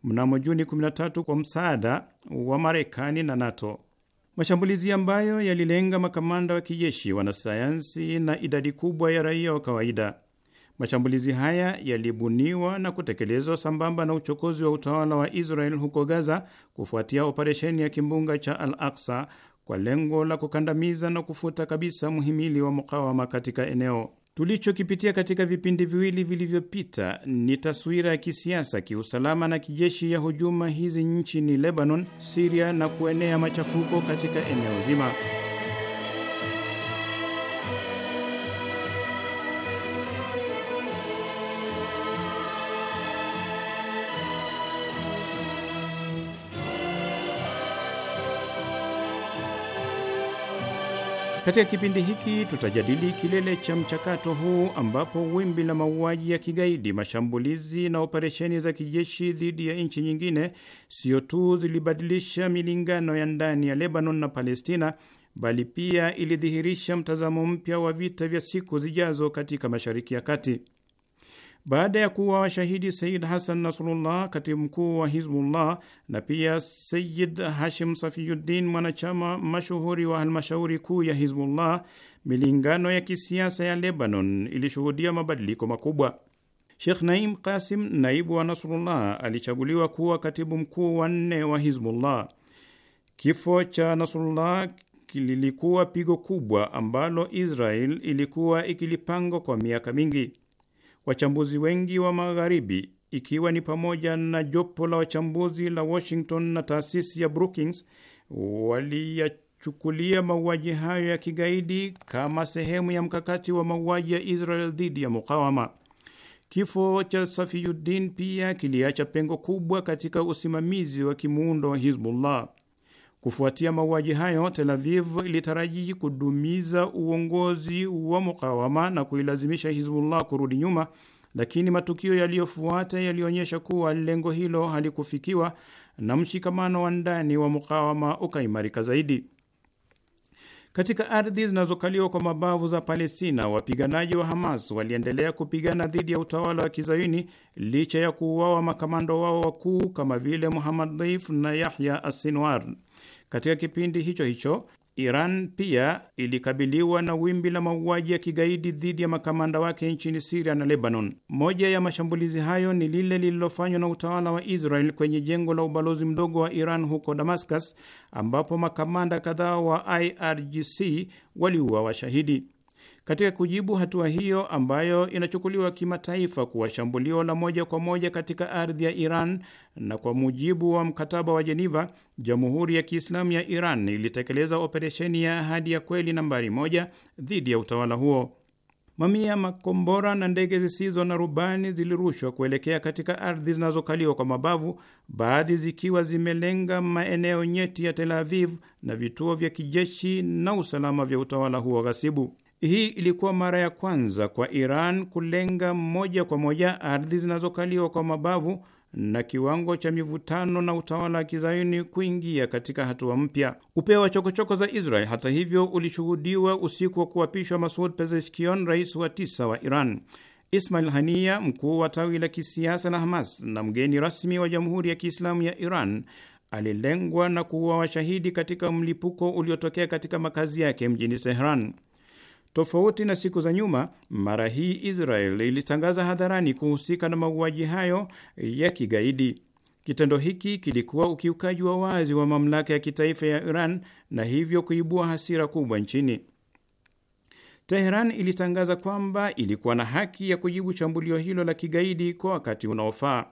mnamo Juni 13 kwa msaada wa Marekani na NATO, mashambulizi ambayo yalilenga makamanda wa kijeshi, wanasayansi na idadi kubwa ya raia wa kawaida. Mashambulizi haya yalibuniwa na kutekelezwa sambamba na uchokozi wa utawala wa Israel huko Gaza kufuatia operesheni ya kimbunga cha Al Aksa kwa lengo la kukandamiza na kufuta kabisa muhimili wa mukawama katika eneo. Tulichokipitia katika vipindi viwili vilivyopita ni taswira ya kisiasa, kiusalama na kijeshi ya hujuma hizi nchini Lebanon, Siria na kuenea machafuko katika eneo zima. Katika kipindi hiki tutajadili kilele cha mchakato huu ambapo wimbi la mauaji ya kigaidi, mashambulizi na operesheni za kijeshi dhidi ya nchi nyingine sio tu zilibadilisha milingano ya ndani ya Lebanon na Palestina, bali pia ilidhihirisha mtazamo mpya wa vita vya siku zijazo katika Mashariki ya Kati. Baada ya kuwa washahidi Sayid Hasan Nasrullah, katibu mkuu wa Hizbullah, na pia Sayid Hashim Safiyuddin, mwanachama mashuhuri wa halmashauri kuu ya Hizbullah, milingano ya kisiasa ya Lebanon ilishuhudia mabadiliko makubwa. Shekh Naim Kasim, naibu wa Nasrullah, alichaguliwa kuwa katibu mkuu wa nne wa Hizbullah. Kifo cha Nasrullah kililikuwa pigo kubwa ambalo Israel ilikuwa ikilipangwa kwa miaka mingi wachambuzi wengi wa Magharibi, ikiwa ni pamoja na jopo la wachambuzi la Washington na taasisi ya Brookings waliyachukulia mauaji hayo ya kigaidi kama sehemu ya mkakati wa mauaji ya Israel dhidi ya mukawama. Kifo cha Safiyuddin pia kiliacha pengo kubwa katika usimamizi wa kimuundo wa Hizbullah. Kufuatia mauaji hayo, Tel Aviv ilitaraji kudumiza uongozi wa mukawama na kuilazimisha Hizbullah kurudi nyuma, lakini matukio yaliyofuata yalionyesha kuwa lengo hilo halikufikiwa na mshikamano wa ndani wa mukawama ukaimarika zaidi. Katika ardhi zinazokaliwa kwa mabavu za Palestina, wapiganaji wa Hamas waliendelea kupigana dhidi ya utawala wa kizayuni licha ya kuuawa makamando wao wakuu kama vile Muhammad Dhaif na Yahya Asinwar. Katika kipindi hicho hicho Iran pia ilikabiliwa na wimbi la mauaji ya kigaidi dhidi ya makamanda wake nchini Siria na Lebanon. Moja ya mashambulizi hayo ni lile lililofanywa na utawala wa Israel kwenye jengo la ubalozi mdogo wa Iran huko Damascus, ambapo makamanda kadhaa wa IRGC waliuawa washahidi. Katika kujibu hatua hiyo ambayo inachukuliwa kimataifa kuwa shambulio la moja kwa moja katika ardhi ya Iran na kwa mujibu wa mkataba wa Jeneva, Jamhuri ya Kiislamu ya Iran ilitekeleza operesheni ya Ahadi ya Kweli nambari moja dhidi ya utawala huo. Mamia makombora na ndege zisizo na rubani zilirushwa kuelekea katika ardhi zinazokaliwa kwa mabavu, baadhi zikiwa zimelenga maeneo nyeti ya Tel Aviv na vituo vya kijeshi na usalama vya utawala huo ghasibu. Hii ilikuwa mara ya kwanza kwa Iran kulenga moja kwa moja ardhi zinazokaliwa kwa mabavu na kiwango cha mivutano na utawala wa kizayuni kuingia katika hatua mpya. Upeo wa chokochoko za Israel, hata hivyo, ulishuhudiwa usiku wa kuapishwa Masud Pezeshkian, rais wa tisa wa Iran. Ismail Hania, mkuu wa tawi la kisiasa la Hamas na mgeni rasmi wa Jamhuri ya Kiislamu ya Iran, alilengwa na kuwa washahidi katika mlipuko uliotokea katika makazi yake mjini Tehran. Tofauti na siku za nyuma, mara hii Israel ilitangaza hadharani kuhusika na mauaji hayo ya kigaidi. Kitendo hiki kilikuwa ukiukaji wa wazi wa mamlaka ya kitaifa ya Iran na hivyo kuibua hasira kubwa nchini. Teheran ilitangaza kwamba ilikuwa na haki ya kujibu shambulio hilo la kigaidi kwa wakati unaofaa.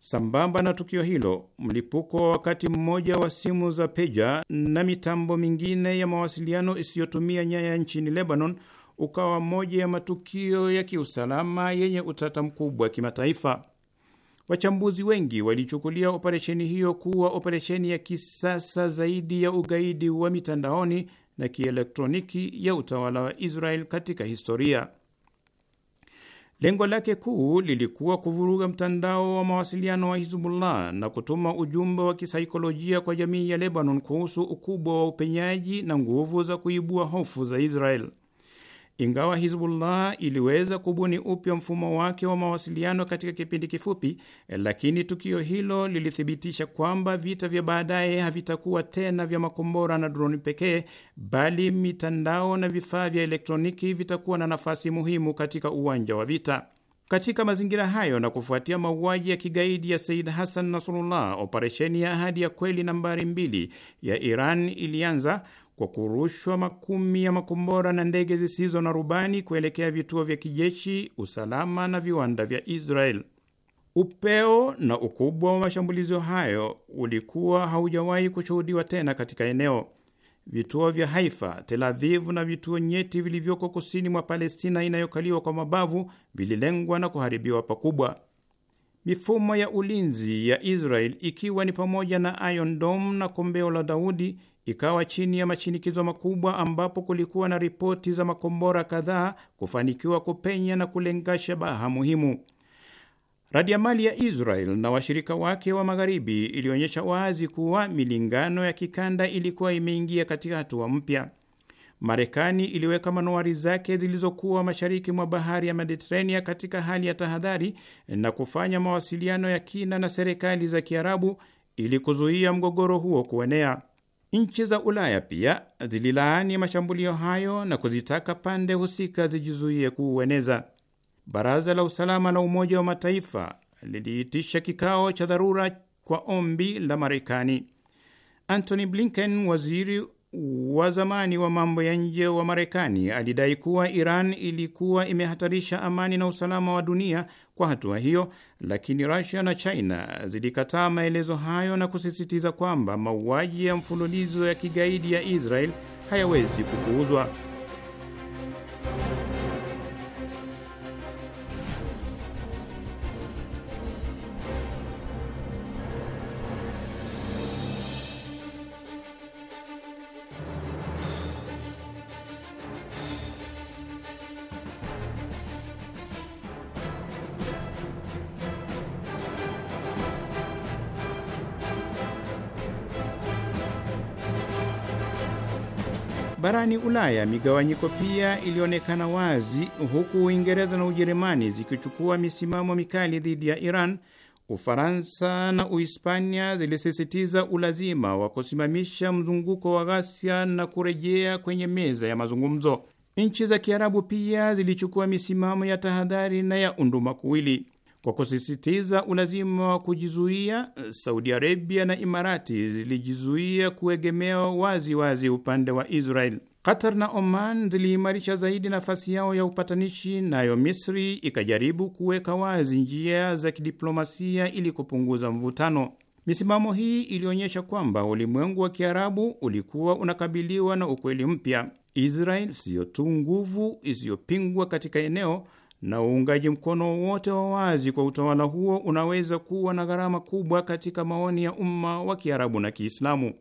Sambamba na tukio hilo, mlipuko wa wakati mmoja wa simu za peja na mitambo mingine ya mawasiliano isiyotumia nyaya nchini Lebanon ukawa moja ya matukio ya kiusalama yenye utata mkubwa wa kimataifa. Wachambuzi wengi walichukulia operesheni hiyo kuwa operesheni ya kisasa zaidi ya ugaidi wa mitandaoni na kielektroniki ya utawala wa Israel katika historia. Lengo lake kuu lilikuwa kuvuruga mtandao wa mawasiliano wa Hizbullah na kutuma ujumbe wa kisaikolojia kwa jamii ya Lebanon kuhusu ukubwa wa upenyaji na nguvu za kuibua hofu za Israel. Ingawa Hizbullah iliweza kubuni upya mfumo wake wa mawasiliano katika kipindi kifupi, lakini tukio hilo lilithibitisha kwamba vita vya baadaye havitakuwa tena vya makombora na droni pekee, bali mitandao na vifaa vya elektroniki vitakuwa na nafasi muhimu katika uwanja wa vita. Katika mazingira hayo na kufuatia mauaji ya kigaidi ya Said Hassan Nasrullah, operesheni ya Ahadi ya Kweli nambari mbili ya Iran ilianza kwa kurushwa makumi ya makombora na ndege zisizo na rubani kuelekea vituo vya kijeshi, usalama na viwanda vya Israel. Upeo na ukubwa wa mashambulizi hayo ulikuwa haujawahi kushuhudiwa tena katika eneo. Vituo vya Haifa, Tel Avivu na vituo nyeti vilivyoko kusini mwa Palestina inayokaliwa kwa mabavu vililengwa na kuharibiwa pakubwa. Mifumo ya ulinzi ya Israel ikiwa ni pamoja na Iron Dome na kombeo la Daudi ikawa chini ya mashinikizo makubwa, ambapo kulikuwa na ripoti za makombora kadhaa kufanikiwa kupenya na kulenga shabaha muhimu. Radiamali ya Israel na washirika wake wa magharibi ilionyesha wazi kuwa milingano ya kikanda ilikuwa imeingia katika hatua mpya. Marekani iliweka manowari zake zilizokuwa mashariki mwa bahari ya Mediterania katika hali ya tahadhari na kufanya mawasiliano ya kina na serikali za Kiarabu ili kuzuia mgogoro huo kuenea. Nchi za Ulaya pia zililaani mashambulio hayo na kuzitaka pande husika zijizuie kuueneza. Baraza la Usalama la Umoja wa Mataifa liliitisha kikao cha dharura kwa ombi la Marekani. Antony Blinken, waziri wa zamani wa mambo ya nje wa Marekani alidai kuwa Iran ilikuwa imehatarisha amani na usalama wa dunia kwa hatua hiyo, lakini rusia na China zilikataa maelezo hayo na kusisitiza kwamba mauaji ya mfululizo ya kigaidi ya Israel hayawezi kupuuzwa. Barani Ulaya migawanyiko pia ilionekana wazi, huku Uingereza na Ujerumani zikichukua misimamo mikali dhidi ya Iran. Ufaransa na Uhispania zilisisitiza ulazima wa kusimamisha mzunguko wa ghasia na kurejea kwenye meza ya mazungumzo. Nchi za Kiarabu pia zilichukua misimamo ya tahadhari na ya undumakuwili kwa kusisitiza ulazima wa kujizuia. Saudi Arabia na Imarati zilijizuia kuegemea wazi wazi upande wa Israel. Qatar na Oman ziliimarisha zaidi nafasi yao ya upatanishi, nayo Misri ikajaribu kuweka wazi njia za kidiplomasia ili kupunguza mvutano. Misimamo hii ilionyesha kwamba ulimwengu wa Kiarabu ulikuwa unakabiliwa na ukweli mpya: Israel siyo tu nguvu isiyopingwa katika eneo, na uungaji mkono wote wa wazi kwa utawala huo unaweza kuwa na gharama kubwa katika maoni ya umma wa Kiarabu na Kiislamu.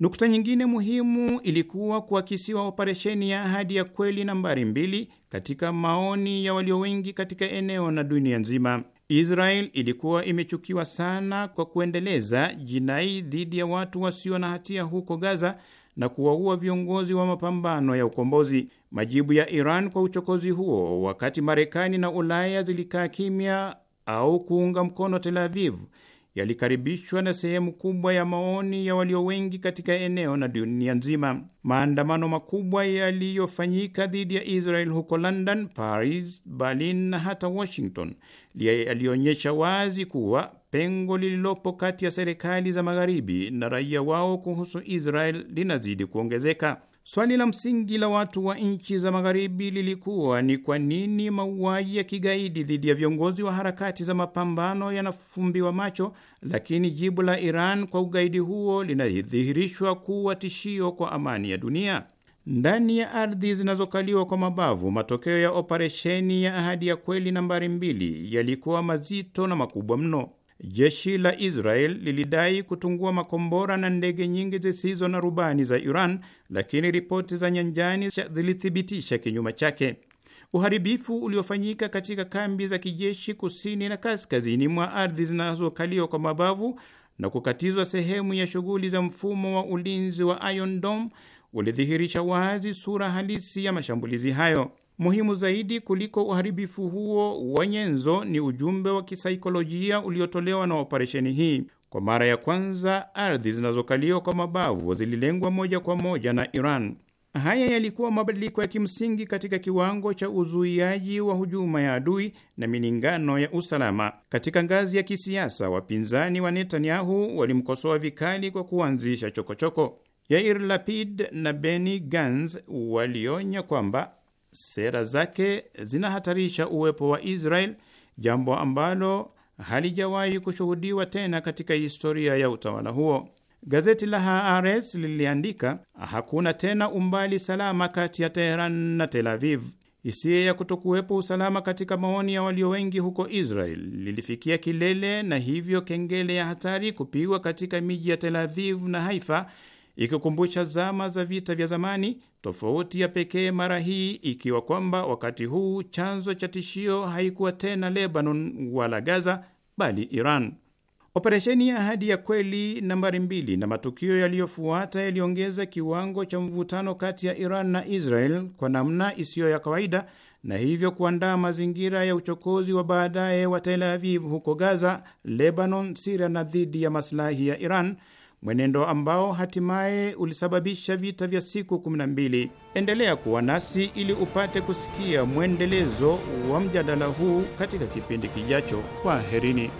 Nukta nyingine muhimu ilikuwa kuakisiwa operesheni ya ahadi ya kweli nambari mbili katika maoni ya walio wengi katika eneo na dunia nzima. Israel ilikuwa imechukiwa sana kwa kuendeleza jinai dhidi ya watu wasio na hatia huko Gaza na kuwaua viongozi wa mapambano ya ukombozi. Majibu ya Iran kwa uchokozi huo, wakati Marekani na Ulaya zilikaa kimya au kuunga mkono Tel Aviv yalikaribishwa na sehemu kubwa ya maoni ya walio wengi katika eneo na dunia nzima. Maandamano makubwa yaliyofanyika dhidi ya Israel huko London, Paris, Berlin na hata Washington yalionyesha wazi kuwa pengo lililopo kati ya serikali za magharibi na raia wao kuhusu Israel linazidi kuongezeka. Swali la msingi la watu wa nchi za magharibi lilikuwa ni kwa nini mauaji ya kigaidi dhidi ya viongozi wa harakati za mapambano yanafumbiwa macho, lakini jibu la Iran kwa ugaidi huo linadhihirishwa kuwa tishio kwa amani ya dunia. Ndani ya ardhi zinazokaliwa kwa mabavu, matokeo ya operesheni ya Ahadi ya Kweli nambari mbili yalikuwa mazito na makubwa mno. Jeshi la Israel lilidai kutungua makombora na ndege nyingi zisizo na rubani za Iran, lakini ripoti za nyanjani zilithibitisha kinyuma chake. Uharibifu uliofanyika katika kambi za kijeshi kusini na kaskazini mwa ardhi zinazokaliwa kwa mabavu na kukatizwa sehemu ya shughuli za mfumo wa ulinzi wa Iron Dome ulidhihirisha wazi sura halisi ya mashambulizi hayo. Muhimu zaidi kuliko uharibifu huo wa nyenzo ni ujumbe wa kisaikolojia uliotolewa na operesheni hii. Kwa mara ya kwanza, ardhi zinazokaliwa kwa mabavu zililengwa moja kwa moja na Iran. Haya yalikuwa mabadiliko ya kimsingi katika kiwango cha uzuiaji wa hujuma ya adui na milingano ya usalama. Katika ngazi ya kisiasa, wapinzani wa Netanyahu walimkosoa vikali kwa kuanzisha chokochoko. Yair Lapid na Benny Gantz walionya kwamba sera zake zinahatarisha uwepo wa Israel, jambo ambalo halijawahi kushuhudiwa tena katika historia ya utawala huo. Gazeti la Haaretz liliandika, hakuna tena umbali salama kati ya Teheran na Tel Aviv. Hisia ya kutokuwepo usalama katika maoni ya walio wengi huko Israel lilifikia kilele, na hivyo kengele ya hatari kupigwa katika miji ya Tel Aviv na Haifa ikikumbusha zama za vita vya zamani, tofauti ya pekee mara hii ikiwa kwamba wakati huu chanzo cha tishio haikuwa tena Lebanon wala Gaza, bali Iran. Operesheni ya Ahadi ya Kweli nambari mbili na matukio yaliyofuata yaliongeza kiwango cha mvutano kati ya Iran na Israel kwa namna isiyo ya kawaida na hivyo kuandaa mazingira ya uchokozi wa baadaye wa Tel Aviv huko Gaza, Lebanon, Siria na dhidi ya masilahi ya Iran mwenendo ambao hatimaye ulisababisha vita vya siku 12. Endelea kuwa nasi ili upate kusikia mwendelezo wa mjadala huu katika kipindi kijacho. kwa herini.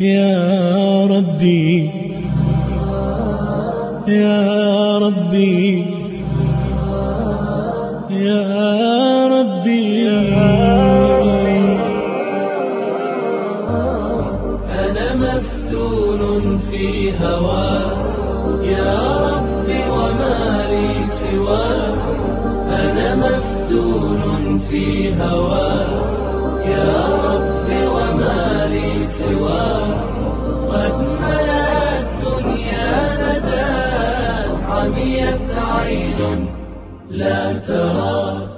يا ربي يا ربي يا ربي أنا مفتون في هواك يا ربي وما لي سواك أنا مفتون في هواك بعيد لا ترى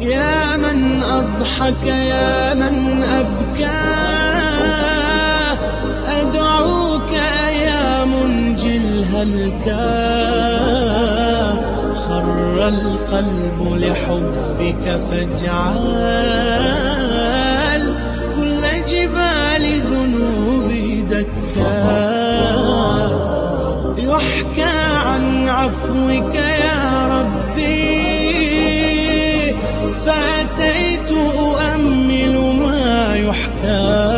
يا من أضحك يا من أبكى أدعوك يا منجي الهلكى خر القلب لحبك فاجعل عفوك يا ربي فأتيت أؤمل ما يحكى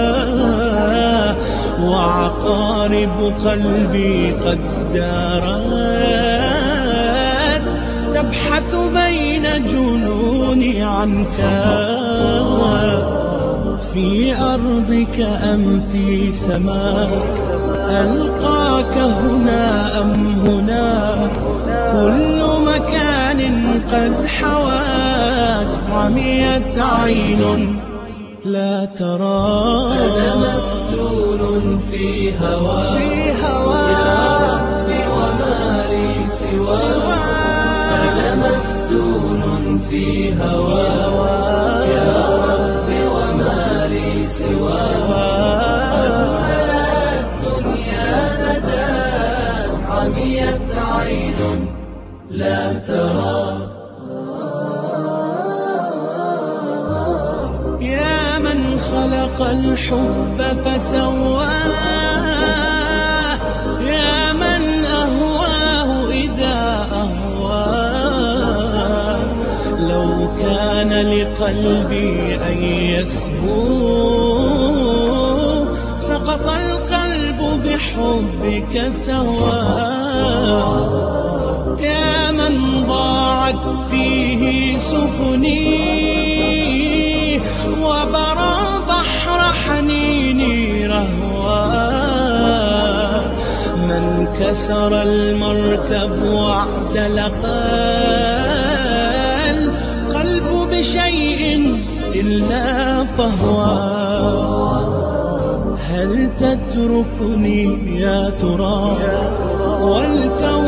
وعقارب قلبي قد دارت تبحث بين جنوني عنك في أرضك أم في سماك ألقاك هنا أم هناك كل مكان قد حواك عميت عين لا ترى أنا مفتون في هواك في هواك يا ربي وما لي سواك أنا مفتون في هواك يا رب لا ترى يا من خلق الحب فسواه يا من أهواه إذا أهواه لو كان لقلبي أن يسهو سقط القلب بحبك سواه يا من ضاعت فيه سفني وبرى بحر حنيني رهوا من كسر المركب واعتلق القلب بشيء إلا فهوى هل تتركني يا ترى والكون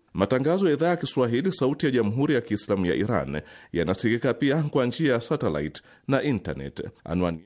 Matangazo ya idhaa ya Kiswahili sauti ya jamhuri ya Kiislamu ya Iran yanasikika pia kwa njia ya satelite na internet. Anwani